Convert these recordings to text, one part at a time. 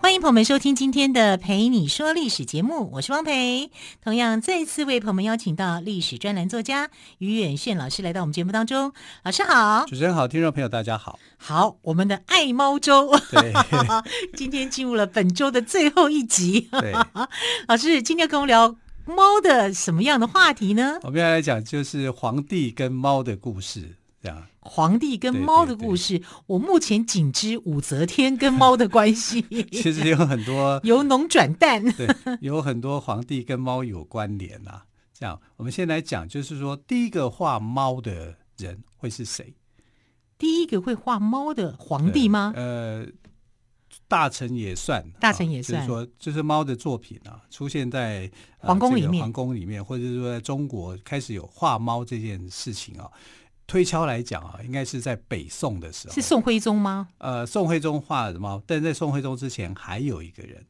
歡迎朋友們收聽今天的《蓓你說歷史》節目，我是汪蓓。同樣，再次為朋友們邀請到歷史專欄作家余遠炫老師來到我們節目當中。老師好。主持人好，聽眾朋友大家好。好，我們的愛貓周，對，今天進入了本周的最後一集。對，老師，今天跟我們聊貓的什麼樣的話題呢？我們要來講就是皇帝跟貓的故事。這樣，皇帝跟貓的故事，對對對，我目前僅知武則天跟貓的關係。 其實有很多由濃轉淡，有很多皇帝跟貓有關聯啊。這樣，我們先來講，就是說，第一個畫貓的人會是誰？第一個會畫貓的皇帝嗎？呃，大臣也算，大臣也算。啊就是、說這、就是貓的作品啊，出現在、呃、皇宮裡面，這個、皇宮裡面，或者是說在中國開始有畫貓這件事情啊。推敲來講啊，應該是在北宋的時候，是宋徽宗嗎？呃，宋徽宗畫什麼？但在宋徽宗之前還有一個人，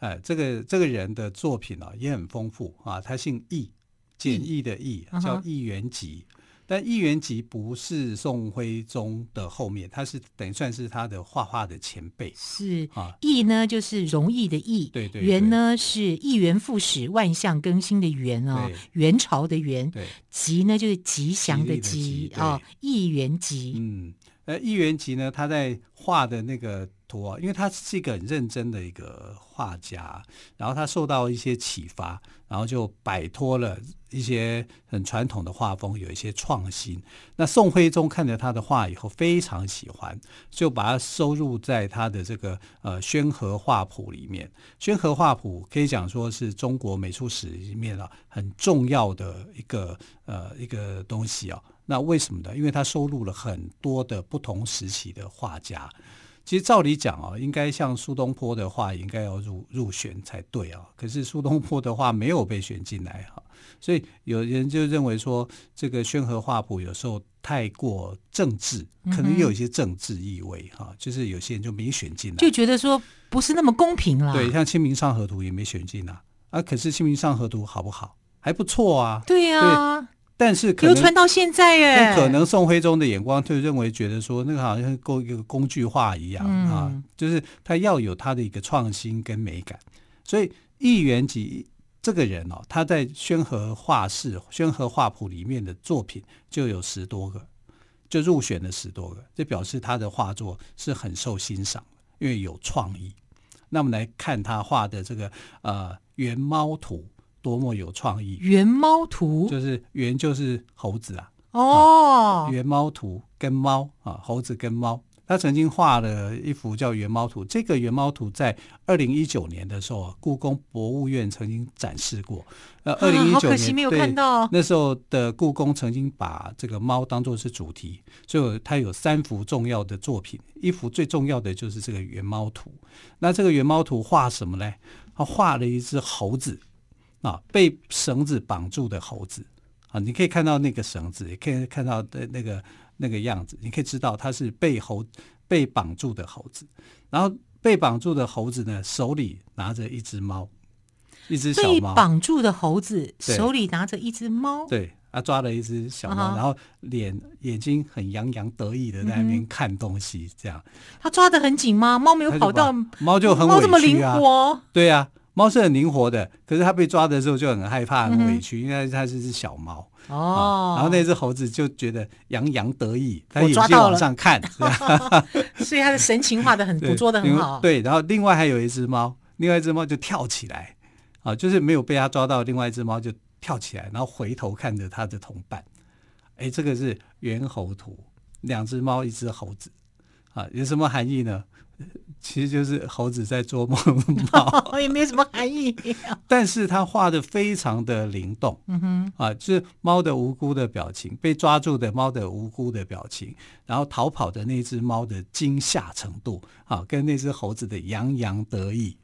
哎、呃，這個這個人的作品啊也很豐富啊。他姓易，簡易的易，易叫易元吉。嗯但易元吉不是宋徽宗的後面，他是等於算是他的畫畫的前輩。是啊，易呢就是容易的易，對對對，元呢是一元復始、萬象更新的元哦，元朝的元。吉呢就是吉祥的吉啊，易、哦、元吉。嗯。呃，易元吉呢，他在畫的那個圖啊、哦，因為他是一個很認真的一個畫家，然後他受到一些啟發，然後就擺脫了一些很傳統的畫風，有一些創新。那宋徽宗看了他的畫以後非常喜歡，就把它收入在他的這個呃《宣和畫譜》裡面，《宣和畫譜》可以講說是中國美術史裡面啊很重要的一個呃一個東西啊、哦。那為什麼呢？因為他收錄了很多的不同時期的畫家。其實照理講啊、哦，應該像蘇東坡的畫，應該要入入選才對啊、哦。可是蘇東坡的畫，沒有被選進來哈，所以有人就認為說，這個宣和畫譜有時候太過政治，可能也有一些政治意味哈、嗯，就是有些人就沒選進來，就覺得說不是那麼公平啊。對，像《清明上河圖》也沒選進來啊，可是《清明上河圖》好不好？還不錯啊。對啊。對。但是可能流傳到現在耶，可能宋徽宗的眼光就認為覺得說，那個好像夠一個工具化一樣、嗯、啊，就是他要有他的一個創新跟美感。所以易元吉這個人哦，他在《宣和畫室、宣和畫譜》裡面的作品就有十多個，就入選了十多個，這表示他的畫作是很受欣賞，因為有創意。那我們來看他畫的這個呃《猿貓圖》。多麼有創意！猿貓圖就是猿就是猴子啊。哦、oh. 啊，猿貓圖跟貓啊，猴子跟貓。他曾經畫了一幅叫《猿貓圖》，這個《猿貓圖》在二零一九年的時候、啊，故宮博物院曾經展示過。呃，二零一九年呵呵好可惜，沒有看到。對，那時候的故宮曾經把這個貓當做是主題，所以它有三幅重要的作品，一幅最重要的就是這個《猿貓圖》。那這個《猿貓圖》畫什麼呢？他畫了一隻猴子。啊、哦，被繩子綁住的猴子啊，你可以看到那個繩子，也可以看到的那個那個樣子，你可以知道它是被猴被綁住的猴子。然後被綁住的猴子呢，手裡拿着一隻貓，一隻小貓，被綁住的猴子手裡拿着一隻貓，對，他抓了一隻小貓，啊、然後臉眼睛很洋洋得意的在那邊看東西、嗯，這樣。他抓得很緊嗎？貓沒有跑掉，就貓就很、啊、貓這麼靈活，對呀、啊。貓是很靈活的，可是它被抓的時候就很害怕，很委屈，嗯、因為它是只小貓。哦、啊。然後那只猴子就覺得洋洋得意，我抓到了。它眼睛往上看。 所以它的神情畫的很捕捉的很好。對，然後另外還有一只貓，另外一只貓就跳起來，啊，就是沒有被它抓到，另外一只貓就跳起來，然後回頭看着它的同伴。哎、欸，這個是猿猴圖，兩只貓，一只猴子，啊，有什麼含義呢？其實就是猴子在做夢，我也沒什麼含義。但是他畫的非常的靈動，嗯哼，啊，就是貓的無辜的表情，被抓住的貓的無辜的表情，然後逃跑的那只貓的驚嚇程度，啊，跟那只猴子的洋洋得意，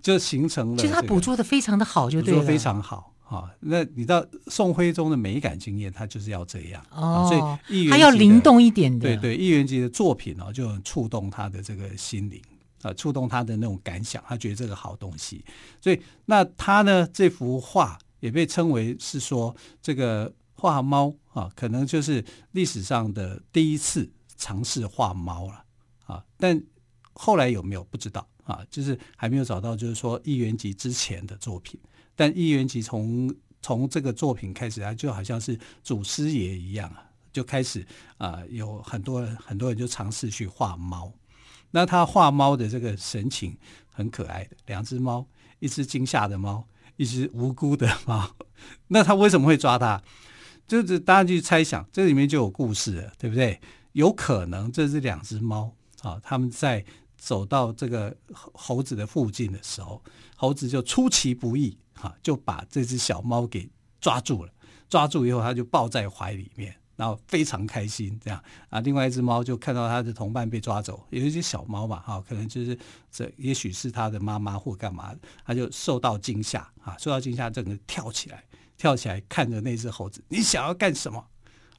就形成了這個。其實他捕捉的非常的好，就對了，非常好。啊、哦，那你知道宋徽宗的美感經驗，他就是要這樣、哦、啊，所以他要靈動一點的，對對、對，易元吉的作品哦就很觸動他的這個心靈啊，觸動他的那種感想，他覺得這個好東西，所以那他呢這幅畫也被稱為是說這個畫貓啊，可能就是歷史上的第一次嘗試畫貓了啊，但後來有沒有不知道啊，就是還沒有找到，就是說易元吉之前的作品。但易元吉從從這個作品開始啊，就好像是祖師爺一樣，就開始啊、呃，有很多人很多人就嘗試去畫貓。那他畫貓的這個神情很可愛的，兩隻貓，一隻驚嚇的貓，一隻無辜的貓。那他為什麼會抓它？就是大家去猜想，這裡面就有故事了，對不對？有可能這是兩隻貓啊、哦，他們在。走到這個猴子的附近的時候，猴子就出其不意，哈、啊，就把這只小貓給抓住了。抓住以後，他就抱在懷裡面，然後非常開心。這樣啊，另外一只貓就看到他的同伴被抓走，有一只小貓嘛，哈、啊，可能就是這，也許是他的媽媽或幹嘛，他就受到驚嚇，啊，受到驚嚇，整個跳起來，跳起來看着那只猴子，你想要幹什麼？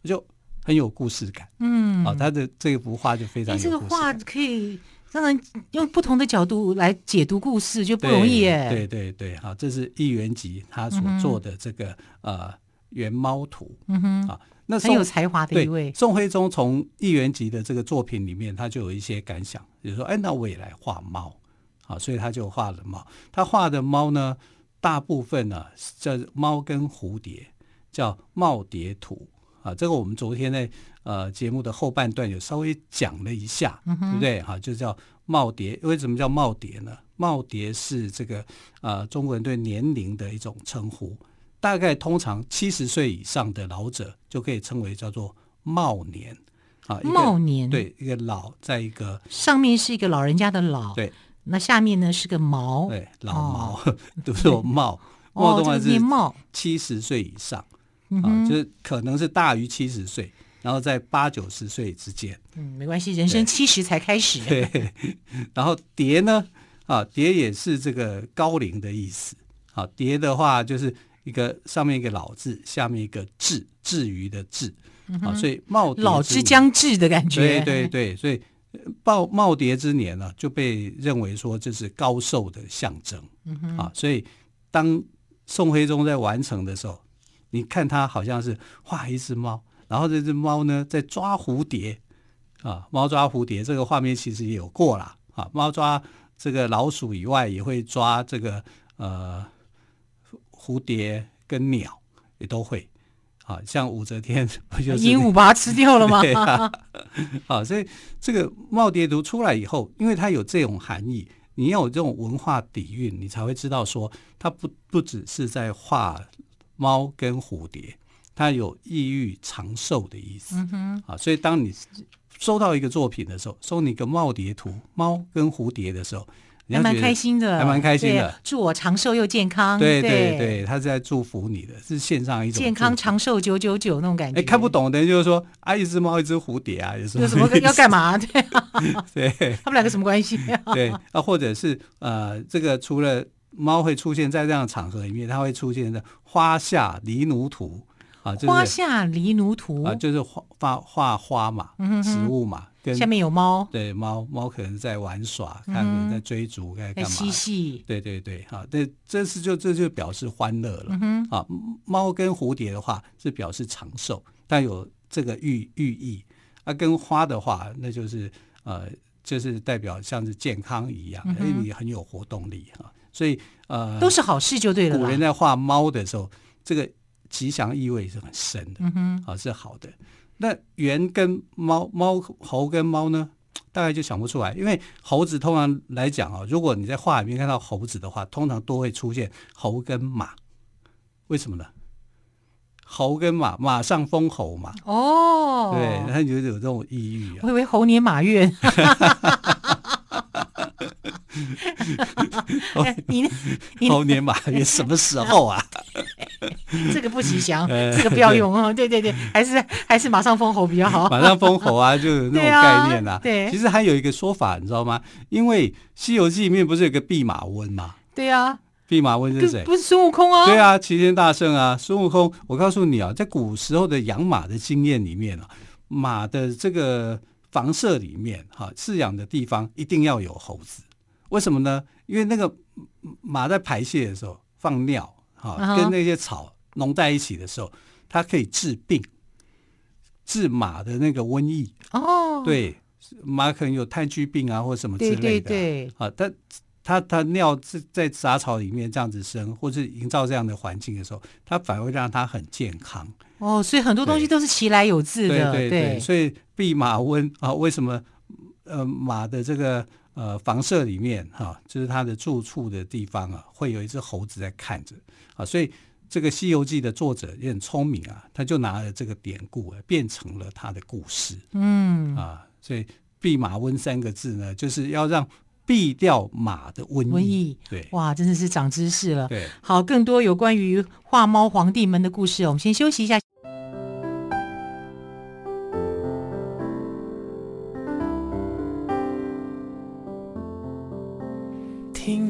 就很有故事感。嗯，啊，他的這幅畫就非常有故事感。嗯、這個畫可以。當然，用不同的角度來解讀故事就不容易哎，對，對對對，這是易元吉他所做的這個、嗯、呃《猿貓圖》嗯啊。那很有才華的一位宋徽宗，從易元吉的這個作品裡面，他就有一些感想，比如說，那我也來畫貓、啊，所以他就畫了貓。他畫的貓呢，大部分呢叫貓跟蝴蝶，叫貓蝶圖。啊，這個我們昨天呢，呃，節目的後半段有稍微講了一下，嗯、對不對？哈、啊，就叫耄耋。為什麼叫耄耋呢？耄耋是這個呃中國人對年齡的一種稱呼，大概通常七十歲以上的老者就可以稱為叫做耄年。啊，耄年對一個老在一個上面是一個老人家的老，對，那下面呢是個毛，對，老毛都、哦呃、是耄，耄就是年耄，七十歲以上。哦這個啊，就是可能是大於七十歲，然後在八九十歲之間。嗯，沒關係，人生七十才開始。對，然後耋呢？啊，耋也是這個高齡的意思。啊，耋的話就是一個上面一個老字，下面一個至至於的至。啊，所以耄老之將至的感覺。對對對，所以耄耄耋之年呢，啊，就被認為說這是高壽的象徵。啊，所以當宋徽宗在完成的時候。你看他好像是畫一隻貓，然後這隻貓呢在抓蝴蝶，啊，貓抓蝴蝶這個畫面其實也有過了啊。貓抓這個老鼠以外，也會抓這個呃蝴蝶跟鳥，也都會啊。像武則天，不就是鸚鵡把它吃掉了嗎？ 對、啊啊、所以這個貓蝶圖出來以後，因為它有這種含義，你要有這種文化底蘊，你才會知道說它不不只是在畫。貓跟蝴蝶，它有寓意長壽的意思、嗯。啊，所以當你收到一個作品的時候，收你一個貓蝶圖，貓跟蝴蝶的時候，你還蠻開心的，還蠻開心的，開心的，祝我長壽又健康。對對對，他是在祝福你的，是獻上一種健康長壽久久久那種感覺。欸、看不懂，等於就是說啊，一隻貓，一隻蝴蝶啊，有什麼要幹嘛？啊？ 對，對， 他們兩個什麼關係？啊？ 對啊，或者是呃，這個除了。貓會出現在這樣的場合裡面，它會出現在花下狸奴圖啊，花下狸奴圖啊，就是畫畫畫花嘛、嗯哼哼，植物嘛，下面有貓，對貓貓可能在玩耍，看可能在追逐，嗯、在幹嘛？嬉戲，對對對，好、啊，這這是就這就表示歡樂了、嗯、啊。貓跟蝴蝶的話是表示長壽，但有這個寓寓意啊。跟花的話，那就是呃，就是代表像是健康一樣，因、嗯、為你很有活動力哈。啊所以，呃，都是好事就對了。古人在畫貓的時候，這個吉祥意味是很深的，啊、嗯哦，是好的。那猿跟貓，貓猴跟貓呢，大概就想不出來，因為猴子通常來講啊、哦，如果你在畫裡面看到猴子的話，通常都會出現猴跟馬，為什麼呢？猴跟馬，馬上封侯嘛。哦，對，它就有這種寓意啊。我以為猴年馬月。 猴、 哦、你 年馬月什麼時候啊？ 哎、這個不吉祥，哎，這個不要用啊。對對，對對，還是 還是馬上封侯比較好。馬上封侯啊，就是那種概念啊。對啊，其實還有一個說法，你知道嗎？因為《西遊記》裡面不是有個弼馬溫嘛？對呀，弼馬溫是誰？不是孫悟空哦。對啊，齊、啊啊、天大聖啊，孫悟空。我告訴你啊，在古時候的養馬的經驗裡面啊，馬的這個房舍裡面哈、啊，飼養的地方一定要有猴子。為什麼呢？因為那個馬在排泄的時候放尿，哈、啊，uh -huh. 跟那些草融在一起的時候，它可以治病，治馬的那個瘟疫哦。Oh. 對，馬可能有炭疽病啊，或者什麼之類的。對對對。啊，它它它尿在在雜草裡面這樣子生，或是營造這樣的環境的時候，它反而會讓它很健康。哦、oh,，所以很多東西都是其來有自的。對對，對，對，對。所以弼馬溫啊，為什麼？呃，馬的這個。呃，房舍裡面哈、啊，就是他的住處的地方啊，會有一隻猴子在看着啊，所以這個《西遊記》的作者也很聰明啊，他就拿了這個典故啊，變成了他的故事。嗯啊，所以“弼馬溫”三個字呢，就是要讓避掉馬的瘟疫。瘟疫。對，哇，真的是長知識了。對，好，更多有關於畫貓皇帝們的故事，我們先休息一下。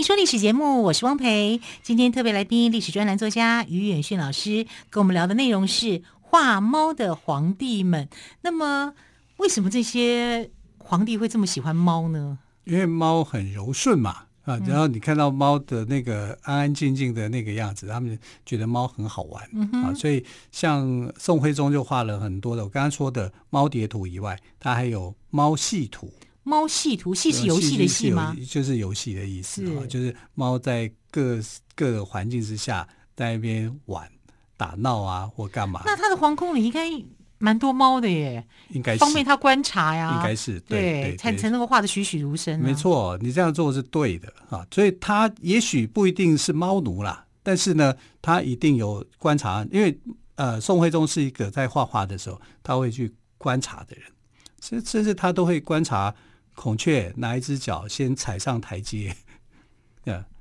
《蓓你說歷史》節目，我是汪蓓。今天特別來賓，歷史專欄作家余遠炫老師，跟我們聊的內容是畫貓的皇帝們。那麼，為什麼這些皇帝會這麼喜歡貓呢？因為貓很柔順嘛，啊，然後你看到貓的那個安安靜靜的那個樣子，嗯、他們覺得貓很好玩、嗯、啊。所以，像宋徽宗就畫了很多的，我剛剛說的貓蝶圖以外，他還有貓戲圖。貓戲圖，戲是遊戲的戲嗎？就是遊戲的意思啊，就是貓在各各個環境之下在那邊玩打鬧啊，或幹嘛？那他的皇宮裡應該蠻多貓的耶，應該是，方便他觀察呀、啊，應該是對，才能能夠畫得栩栩如生、啊。沒錯，你這樣做是對的啊，所以他也許不一定是貓奴啦，但是呢，他一定有觀察，因為呃，宋徽宗是一個在畫畫的時候他會去觀察的人。甚甚至他都會觀察孔雀哪一只腳先踩上台階，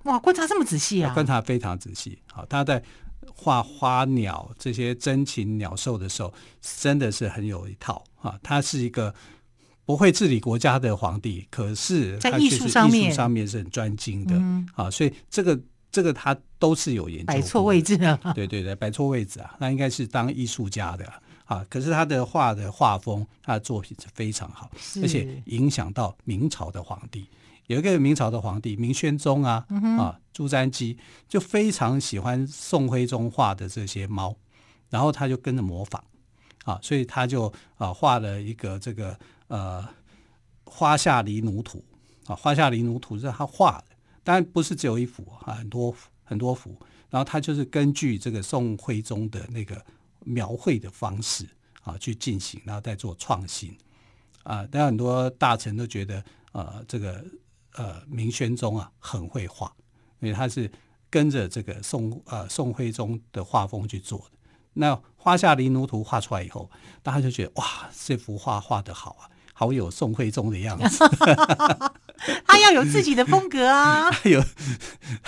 哇，觀察這麼仔細啊！觀察非常仔細，他在畫花鳥這些珍禽鳥獸的時候，真的是很有一套啊！他是一個不會治理國家的皇帝，可是在藝術上面、藝術上面是很專精的啊！所以這個、這個他都是有研究的。擺錯位置啊！對對對，擺錯位置啊！那應該是當藝術家的。啊！可是他的畫的畫風，他的作品是非常好，而且影響到明朝的皇帝。有一個明朝的皇帝，明宣宗啊，啊嗯、朱瞻基就非常喜歡宋徽宗畫的這些貓，然後他就跟着模仿啊，所以他就啊畫了一個這個呃花下狸奴圖啊，花下狸奴圖是他畫的，當然不是只有一幅啊，很多幅，很多幅。然後他就是根據這個宋徽宗的那個。描繪的方式啊，去進行，然後再做創新啊。當、呃、很多大臣都覺得，呃，這個呃明宣宗啊很會畫，因為他是跟着這個宋呃宋徽宗的畫風去做的。那《花下狸奴圖》畫出來以後，大家就覺得哇，這幅畫畫得好啊。好有宋徽宗的樣子 他要有自己的風格啊。有，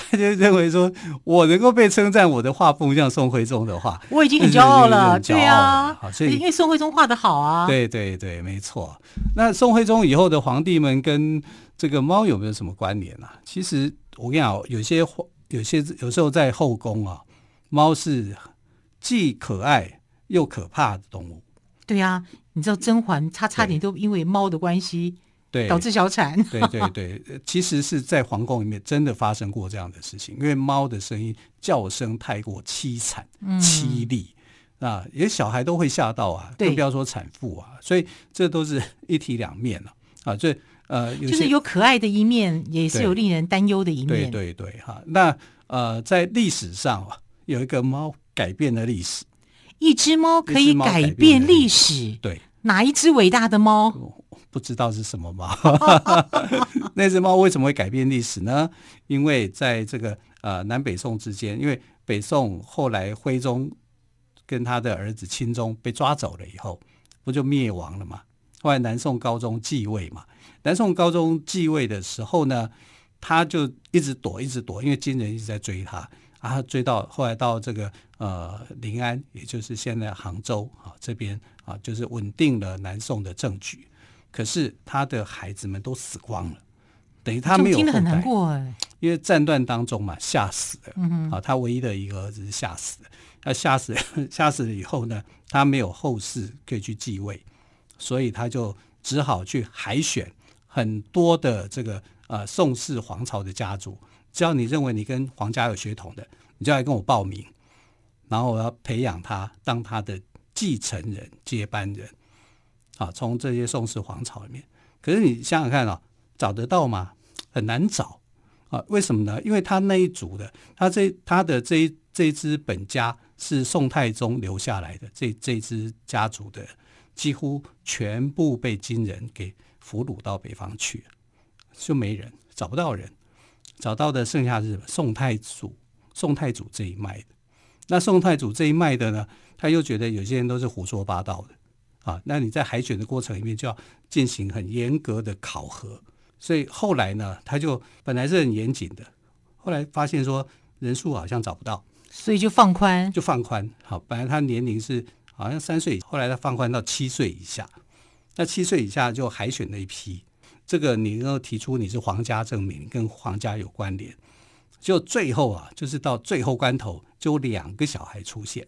他就認為說，我能夠被稱讚，我的畫風像宋徽宗的話，我已經很驕傲、就是、傲了，對啊。因為宋徽宗畫的好啊。對對對，沒錯。那宋徽宗以後的皇帝們跟這個貓有沒有什麼關聯呢、啊？其實我跟你講，有些有些有時候在後宮啊，貓是既可愛又可怕的動物。對呀、啊，你知道甄嬛差差點都因為貓的關係，對導致小產。對對對，對，其實是在皇宮裡面真的發生過這樣的事情，因為貓的聲音叫聲太過淒慘、淒厲、嗯、啊，連小孩都會嚇到啊，更不要說產婦啊，所以這都是一體兩面了啊。這、啊、呃，就是有可愛的一面，也是有令人擔憂的一面。對對對，哈、啊，那呃，在歷史上有一個貓改變了歷史。一隻貓可，可以改變歷史，對，哪一隻偉大的貓？不知道是什麼貓。 那只貓為什麼會改變歷史呢？因為在這個呃南北宋之間，因為北宋後來徽宗跟他的兒子欽宗被抓走了以後，不就滅亡了嘛？後來南宋高宗繼位嘛？南宋高宗繼位的時候呢，他就一直躲，一直躲，因為金人一直在追他。然、啊、後追到後來到這個呃臨安，也就是現在杭州啊這邊啊，就是穩定了南宋的政局。可是他的孩子們都死光了，等於他沒有後代，真的很難過哎，因為戰亂當中嘛，嚇死了。嗯嗯。啊，他唯一的一個兒子嚇死，那、嗯、嚇、啊、死了，嚇死了以後呢，他沒有後世可以去繼位，所以他就只好去海選很多的這個呃宋氏皇朝的家族。只要你認為你跟皇家有血統的，你就要來跟我報名，然後我要培養他當他的繼承人、接班人。啊，從這些宋氏皇朝裡面，可是你想想看啊、哦，找得到嗎？很難找啊！為什麼呢？因為他那一族的，他這他的這一這一支本家是宋太宗留下來的，這一這一支家族的幾乎全部被金人給俘虜到北方去了，就沒人找不到人。找到的剩下是什麼？宋太祖，宋太祖這一脈的。那宋太祖這一脈的呢，他又覺得有些人都是胡說八道的啊。那你在海選的過程裡面就要進行很嚴格的考核。所以後來呢，他就本來是很嚴謹的，後來發現說人數好像找不到，所以就放寬，就放寬。好，本來他年齡是好像三歲，後來他放寬到七歲以下。那七歲以下就海選那一批。這個你要提出你是皇家證明，跟皇家有關聯，就最後啊，就是到最後關頭，就兩個小孩出現，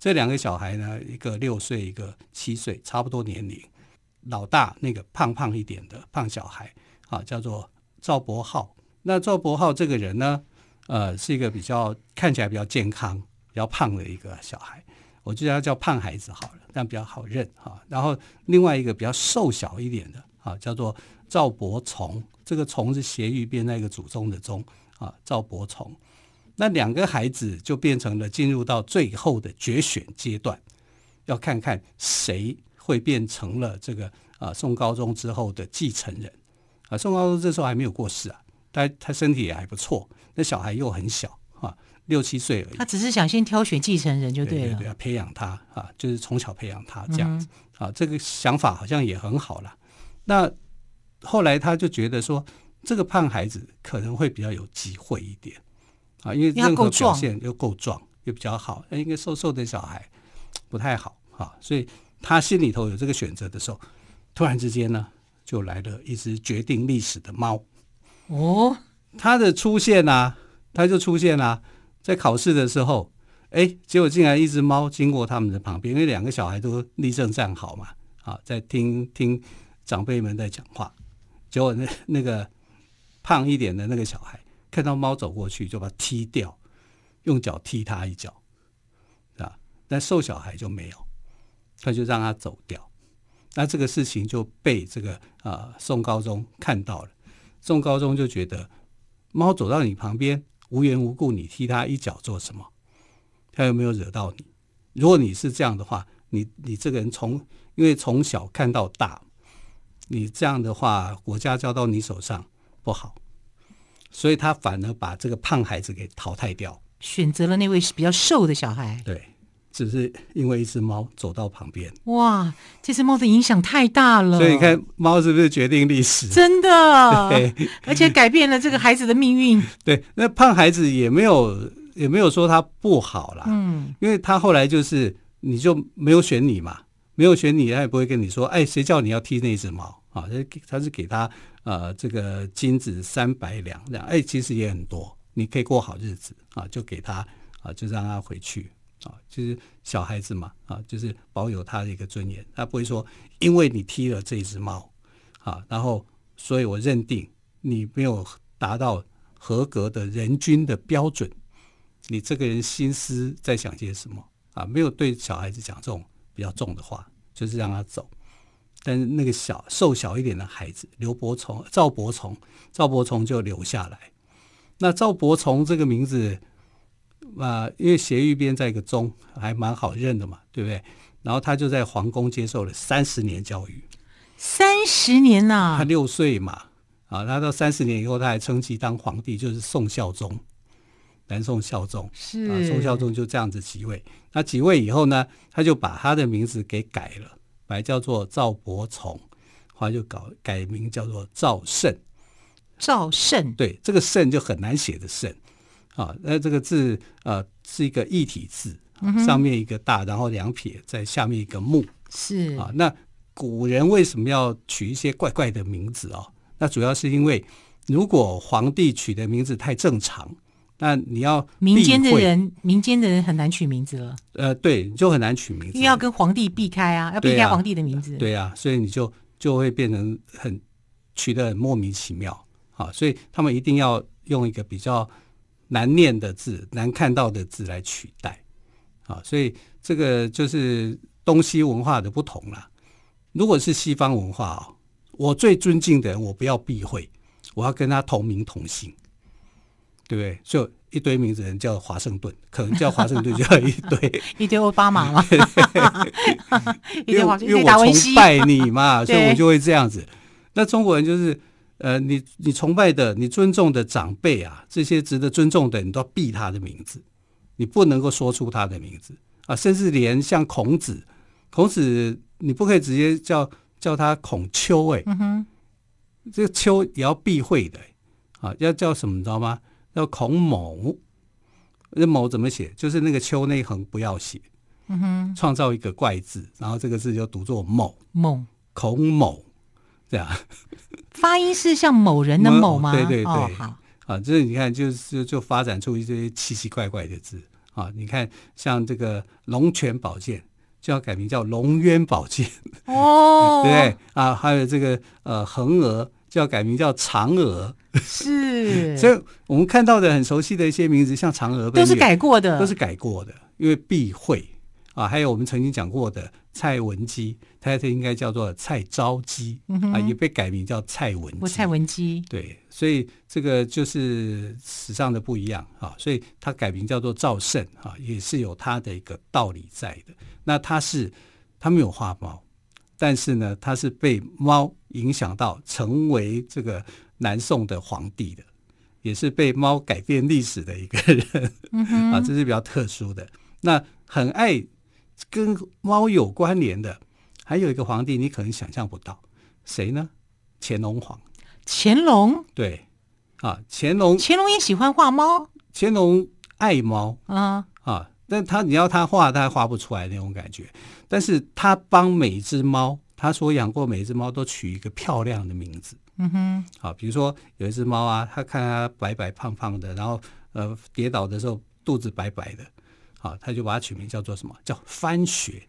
這兩個小孩呢，一個六歲，一個七歲，差不多年齡。老大那個胖胖一點的胖小孩，啊，叫做趙伯浩。那趙伯浩這個人呢，呃，是一個比較看起來比較健康、比較胖的一個小孩，我就叫他叫胖孩子好了，但比較好認啊。然後另外一個比較瘦小一點的，啊，叫做。趙伯琮，這個琮是斜玉邊那個祖宗的宗啊。趙伯琮，那兩個孩子就變成了進入到最後的決選階段，要看看誰會變成了這個啊宋高宗之後的繼承人啊。宋高宗、啊、這時候還沒有過世啊，他他身體也還不錯，那小孩又很小啊，六七歲而已，他只是想先挑選繼承人就對了，對對對啊、培養他啊，就是從小培養他這樣子、嗯、啊，這個想法好像也很好了。那後來他就覺得說，這個胖孩子可能會比較有機會一點啊，因為任何表現又夠壯，夠壯又比較好，那應該瘦瘦的小孩不太好啊，所以他心裡頭有這個選擇的時候，突然之間呢，就來了一隻決定歷史的貓哦。它的出現啊，它就出現了、啊、在考試的時候，哎，結果竟然一隻貓經過他們的旁邊，因為兩個小孩都立正站好嘛，啊，在聽聽長輩們在講話。結果那那個胖一點的那個小孩看到貓走過去，就把它踢掉，用腳踢它一腳啊。那瘦小孩就沒有，他就讓他走掉。那這個事情就被這個啊、呃、宋高宗看到了。宋高宗就覺得貓走到你旁邊無緣無故，你踢它一腳做什麼？它有沒有惹到你？如果你是這樣的話，你你這個人從因為從小看到大。你這樣的話，國家交到你手上不好，所以他反而把這個胖孩子給淘汰掉，選擇了那位比較瘦的小孩。對，只是因為一隻貓走到旁邊，哇，這隻貓的影響太大了。所以你看，貓是不是決定歷史？真的，對，而且改變了這個孩子的命運。 對，那胖孩子也沒有也沒有說他不好啦。嗯，因為他後來就是你就沒有選你嘛。沒有選你，他也不會跟你說。哎，誰叫你要踢那只貓啊？他、哦、他是給他呃，這個金子三百兩這樣。哎，其實也很多，你可以過好日子啊。就給他啊，就讓他回去啊。就是小孩子嘛啊，就是保有他的一個尊嚴。他不會說，因為你踢了這一只貓啊，然後所以我認定你沒有達到合格的人均的標準。你這個人心思在想些什麼啊？沒有對小孩子講這種。比較重的話，就是讓他走。但是那個小瘦小一點的孩子，劉伯琮、趙伯琮、趙伯琮就留下來。那趙伯琮這個名字，啊、呃，因為斜玉邊在一個宗，還蠻好認的嘛，對不對？然後他就在皇宮接受了三十年教育，三十年吶、啊，他六歲嘛，啊，他到三十年以後，他還稱其當皇帝，就是宋孝宗。南宋孝宗是啊，宋孝宗就這樣子即位。那即位以後呢，他就把他的名字給改了，本來叫做趙伯琮，後來就搞改名叫做趙慎。趙慎對這個“慎”就很難寫的“慎”啊，那這個字呃是一個異體字、啊嗯，上面一個大，然後兩撇在下面一個木。是啊，那古人為什麼要取一些怪怪的名字哦？那主要是因為如果皇帝取的名字太正常，那你要民間的人，民間的人很難取名字了。呃，對，就很難取名字，你要跟皇帝避開啊，要避開皇帝的名字。對啊，對啊，所以你就就會變成很取得很莫名其妙啊，所以他們一定要用一個比較難念的字，難看到的字來取代，啊，所以這個就是東西文化的不同啦。如果是西方文化啊，我最尊敬的人，我不要避諱，我要跟他同名同姓。對不對？就一堆名字，人叫華盛頓，可能叫華盛頓叫一堆， 一堆我幫忙嘛。因為我崇拜你嘛，所以我就會這樣子。那中國人就是呃，你你崇拜的、你尊重的長輩啊，這些值得尊重的，你都要避他的名字，你不能夠說出他的名字啊，甚至連像孔子，孔子你不可以直接叫叫他孔丘哎、欸、嗯，這個丘也要避諱的、欸、啊，要叫什麼你知道嗎？叫孔某，那某怎麼寫？就是那個“丘”那一橫不要寫，嗯哼，創造一個怪字，然後這個字就讀作“某”“某，孔某”這樣。發音是像某人的某嗎？某對對對，哦，好啊，就是你看，就是就，就發展出一些奇奇怪怪的字啊。你看，像這個“龍泉寶劍”就要改名叫“龍淵寶劍”，哦， 對，對啊，還有這個呃“恆娥。就要改名叫嫦娥。是， 所以我們看到的很熟悉的一些名字，像嫦娥都是改過的，都是改過的，因為避諱啊。還有我們曾經講過的蔡文姬，他這應該叫做蔡昭姬啊，也被改名叫蔡文姬，嗯，啊叫蔡文姬。我蔡文姬，對，所以這個就是史上的不一樣啊，所以他改名叫做趙昚啊，也是有他的一個道理在的。那他是他沒有畫貓。但是呢，他是被貓影響到，成為這個南宋的皇帝的，也是被貓改變歷史的一個人。嗯，啊，這是比較特殊的。那很愛跟貓有關聯的，還有一個皇帝，你可能想象不到，誰呢？乾隆皇。乾隆。對，啊，乾隆。乾隆也喜歡畫貓。乾隆愛貓啊啊。但他你要他畫，他畫不出來那種感覺。但是他幫每一隻貓，他所養過每一隻貓都取一個漂亮的名字。嗯哼，好，比如說有一隻貓啊，他看他白白胖胖的，然後呃跌倒的時候肚子白白的，好，他就把它取名叫做什麼？叫翻雪。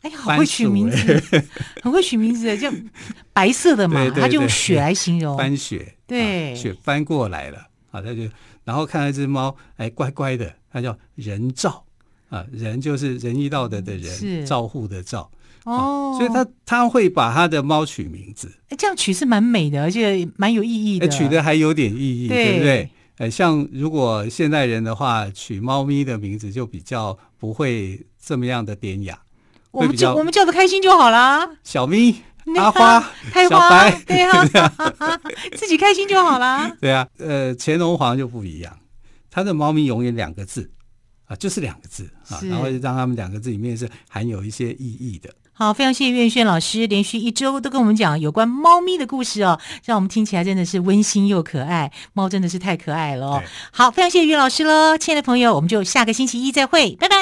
哎呀，欸、好會取名字， 很會取名字的，叫白色的嘛，他 就用雪來形容，翻雪，對，啊、雪翻過來了。好，他就然後看到一隻貓，哎，乖乖的，他叫人造。啊，仁，就是仁義道德的仁，是照護的照哦、oh, 嗯，所以他他會把他的貓取名字，這樣取是蠻美的，而且蠻有意義的，取的還有點意義，對，對不對？呃，像如果現代人的話，取貓咪的名字就比較不會這麼樣的典雅，我們叫我們叫的開心就好啦。小咪、阿花，花、小白，對啊，對哈 自己開心就好啦。對啊，呃，乾隆皇就不一樣，他的貓咪永遠兩個字。啊，就是兩個字啊，然後就讓他們兩個字裡面是含有一些意義的。好，非常謝謝岳炫老師，連續一周都跟我們講有關貓咪的故事哦，讓我們聽起來真的是溫馨又可愛。貓真的是太可愛了哦。好，非常謝謝岳老師嘍，親愛的朋友，我們就下個星期一再會，拜拜。